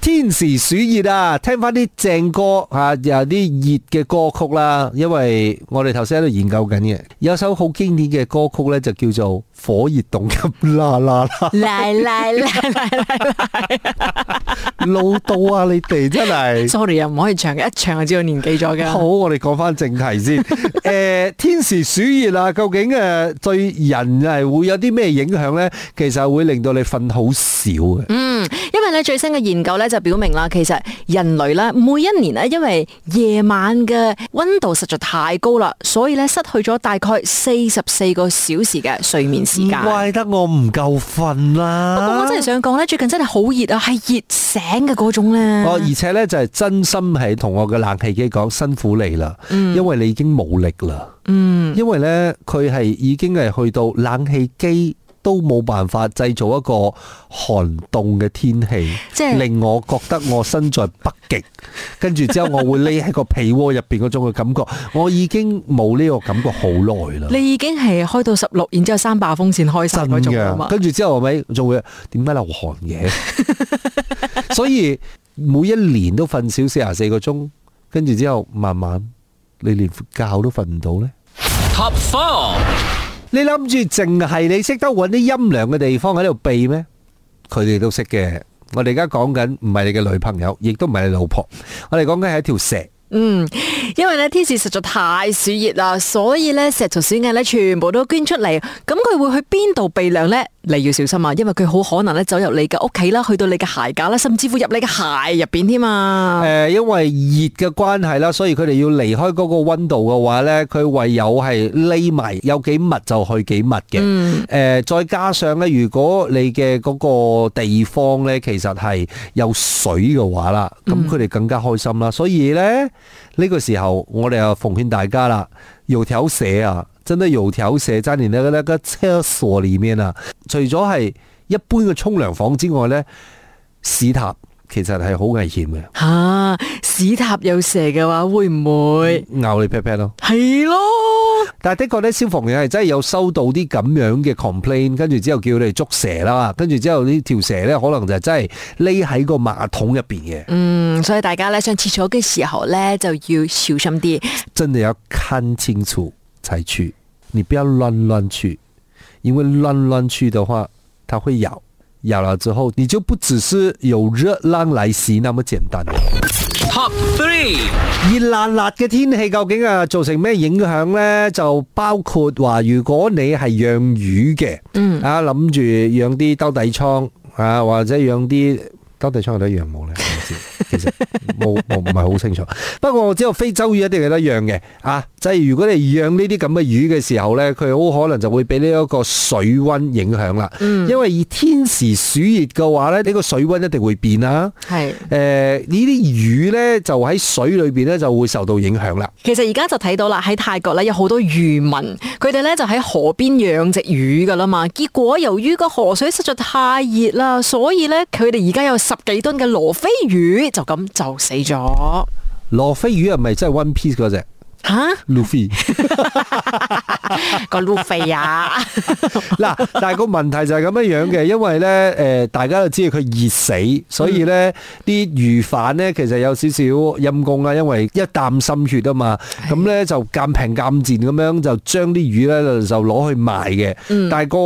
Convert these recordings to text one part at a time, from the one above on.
天時暑熱啊，聽翻啲正歌吓、啊，有啲熱嘅歌曲啦。因為我哋頭先喺度研究緊嘅，有首好經典嘅歌曲咧，就叫做《火熱動感啦啦啦 》。嚟嚟嚟嚟嚟嚟！ 老到啊！你哋真係。sorry，又唔可以唱嘅。一唱就知道我年紀咗噶。好，我哋講翻正題先。誒、 欸，天時暑熱啊，究竟誒對人係會有啲咩影響咧？其實會令到你瞓好少嘅。嗯。最新嘅研究咧就表明啦，其實人類咧每一年咧因為夜晚嘅溫度實在太高啦，所以咧失去咗大概四十四個小時嘅睡眠時間。怪得我唔夠瞓啦！不過，嗯，我真係想講咧，最近真係好熱啊，係熱醒嘅嗰種咧。哦，而且咧就係，是，真心係同我嘅冷氣機講辛苦你啦，因為你已經冇力啦，嗯，因為咧佢係已經係去到冷氣機。都冇辦法製造一個寒凍嘅天氣，即是 令我覺得我身在北極， 跟住之後我會匿喺個被窩入邊嗰種嘅感覺， 我已經冇呢個感覺好耐啦。你已經係開到十六，然之後三把風扇開晒嗎跟住之後係咪仲會點解流汗嘅？ 所以每一年都瞓少四廿四個鐘，跟住之後慢慢你連覺都瞓唔到呢。Top four。 你諗住淨係你識得揾啲陰涼嘅地方喺度避咩？佢哋都識嘅。我哋而家講緊唔係你嘅女朋友，亦都唔係你老婆。我哋講緊係一條蛇。嗯。因為咧天時，實在太暑熱啦，所以咧蛇蟲鼠蟻咧全部都捐出嚟。咁佢會去邊度避涼呢？你要小心啊！因為佢好可能咧走入你嘅屋企啦，去到你嘅鞋架啦，甚至乎入你嘅鞋入邊添啊！誒、呃，因為熱嘅關係啦，所以佢哋要離開嗰個溫度嘅話呢，佢唯有係匿埋，有幾密就去幾密嘅。誒、嗯呃，再加上呢，如果你嘅嗰個地方呢，其實係有水嘅話啦，咁佢哋更加開心啦。所以呢，呢、呢個時候。我哋又奉勸大家啦，油條蛇啊，真係油條蛇，真係喺嗰個廁所裏面啊，除咗係一般嘅沖涼房之外呢，屎塔。 其實係好危險嘅。吓，屎、啊、塔有蛇嘅話，會唔會咬你劈劈咯？係咯。但係的確咧，消防員係真係有收到啲咁樣嘅 complaint，跟住之後叫你捉蛇啦。跟住之後呢條蛇咧，可能就真係匿喺個馬桶入邊嘅。嗯，所以大家咧上廁所嘅時候咧，就要小心啲。真係要看清楚才去，你不要亂亂去，因為亂亂去嘅話，它會有。有咗之後，你就不只是有熱浪來襲那麼簡單。Top three 熱辣辣嘅天氣究竟啊造成咩影響咧？就包括話，啊，如果你係養魚嘅，嗯啊諗住養啲兜底倉啊，或者養啲兜底倉有得養冇咧。 其實冇，我唔係好清楚。 不過我知道非洲魚一定係一樣嘅，啊，即、就、係、是、如果你養呢啲咁嘅魚嘅時候呢，佢好可能就會俾呢一個水溫影響啦。因為天時暑熱嘅話呢，呢、這個水溫一定會變啦。係是，誒、呃，呢啲魚呢，就喺水裏邊呢就會受到影響啦。其實而家就睇到啦，喺泰國咧有好多漁民，佢哋呢就喺河邊養殖魚噶啦嘛。結果由於個河水實在太熱啦，所以呢，佢哋而家有十幾噸嘅羅非魚。魚、嗯、就咁就死咗，羅非魚係咪真係 one piece 嗰隻？吓，撈肥個撈肥啊！嗱 Luffy 啊， 但係個問題就係咁樣樣嘅，因為咧，誒，大家都知道佢熱死，所以咧，啲魚販咧其實有少少陰功啦，因為一啖心血啊嘛，咁咧就鑒平鑒賤咁樣就將啲魚咧就攞去賣嘅。但係個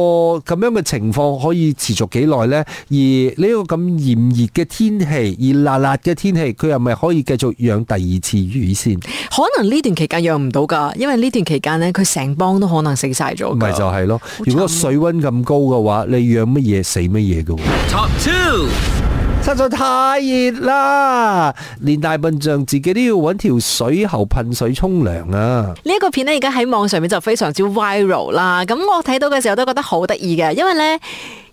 咁樣嘅情況可以持續幾耐咧？而呢個咁炎熱嘅天氣，熱辣辣嘅天氣，佢係咪可以繼續養第二次魚先？可能呢段期間養唔到噶，因為呢段期間咧，佢成幫都可能死晒咗。咪就係咯，慘啊，如果水溫咁高嘅話，你養乜嘢死乜嘢噶。Top two，實在太熱啦，連大笨象自己都要揾條水喉噴水沖涼啊！呢個片咧而家喺網上面就非常之 viral 啦。咁我睇到嘅時候都覺得好得意嘅，因為呢。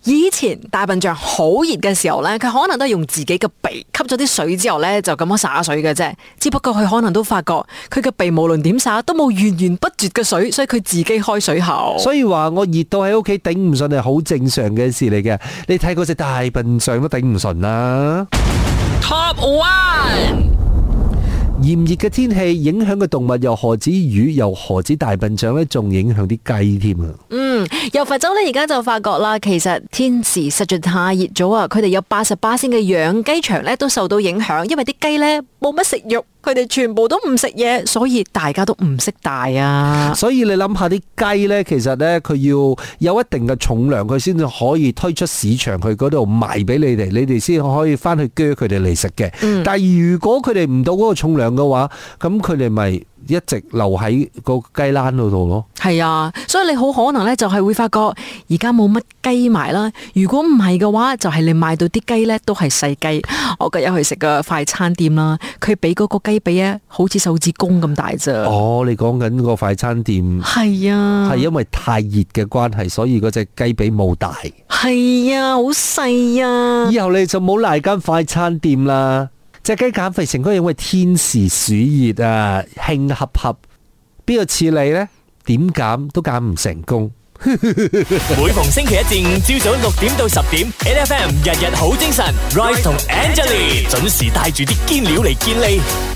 以前大笨象好熱嘅時候呢，佢可能都係用自己嘅鼻吸咗啲水之後呢，就咁樣灑水嘅啫。只不過佢可能都發覺佢嘅鼻無論點灑都冇源源不絕嘅水，所以佢自己開水喉。所以話我熱到喺屋企頂唔順係好正常嘅事嚟嘅。你睇嗰隻大笨象都頂唔順啦。Top one，炎熱嘅天氣影響嘅動物又何止魚，又何止大笨象呢？仲影響啲雞添啊。嗯、由佛州呢，而家就發覺啦，其實天時實在太熱咗啊！佢哋有八十八千嘅養雞場呢都受到影響，因為啲雞呢冇乜食慾，佢哋全部都唔食嘢，所以大家都唔識大啊！所以你諗下啲雞呢，其實呢，佢要有一定嘅重量，佢先至可以推出市場，去嗰度賣俾你哋，你哋先可以翻去鋸佢哋嚟食嘅。嗯、但係如果佢哋唔到嗰個重量嘅話，咁佢哋咪。一直留喺個雞欄度咯，係啊，所以你好可能呢，就係會發覺而家冇乜雞賣啦。如果唔係嘅話，就係你買到啲雞呢，都係細雞。我今日去食個快餐店啦，佢俾嗰個雞髀咧好似手指公咁大咋。哦，你講緊個快餐店係啊，係因為太熱嘅關係，所以嗰隻雞髀冇大。係啊，好細啊！以後你就冇嚟間快餐店啦。隻雞減肥成功，因為天時暑熱啊，興合合，邊個似你呢？點減都減唔成功。 每逢星期一至五朝早六點到十點，N F M 日日好精神，Ray 同 Angelina 準時帶住啲堅料嚟見你。